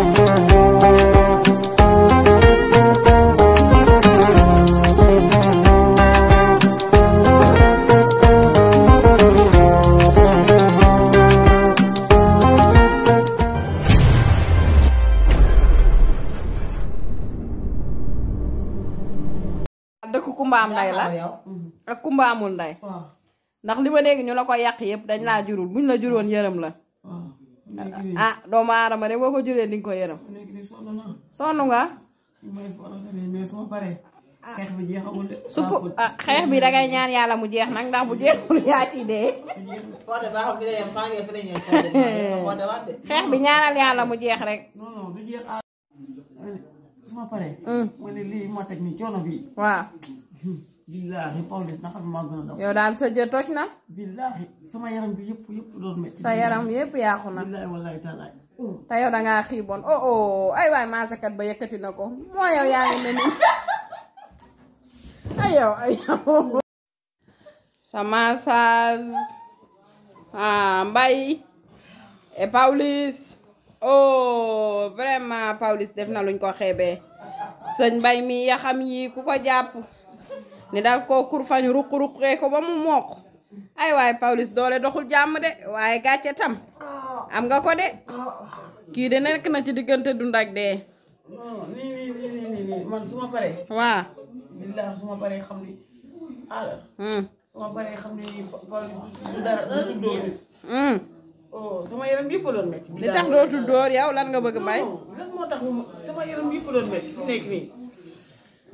dëkk Kumba am nday la ak Kumba amul ndax li ma dégg ñu la ko yàq yëpp dañ laa jurul buñ la juróon yërëm la ah doomu aadama de boo ko juree li nga ko yaram sonn nga. Ah. xeex bi ah, xeex bi dangay ñaan yàlla mu jeex nag ndax bu jeexul yaa ci dee. xeex bi ñaanal yàlla mu jeex rek. non billaahi Pawlish ndax ak maa gën a daw. yow daal sa jë toj na. billaahi sama yaram sa yaram yëpp yaaxu na. billaahi wallaahi taalaay. te yow da ngaa xiiboon oh oh ay waay maasakat ba yëkkati na ko moo yow yaa ngi mel ni ay yow ay yow. sa massage ah Mbaye et oh vraiment Pawlish def na luñ ko xeebee sëñ Mbaye mi yaxam yi ku ko jàpp. ni daal koo kurfañu ruq-ruqee ko ba mu mooq ay waaye Pawlish doole doxul jàmm de waaye gàcce tam am nga ko de kii de nekk na ci diggante du ak de nii su ma paree waa billaah su paree xam ni ala hmm. su ma paree xam ni Pawlish du dara du dóor hmm. oh yaram yëpp doon métti li tax dootul lan nga bëgg bay lan tax sama yaram yëpp doon métti fi nekk nii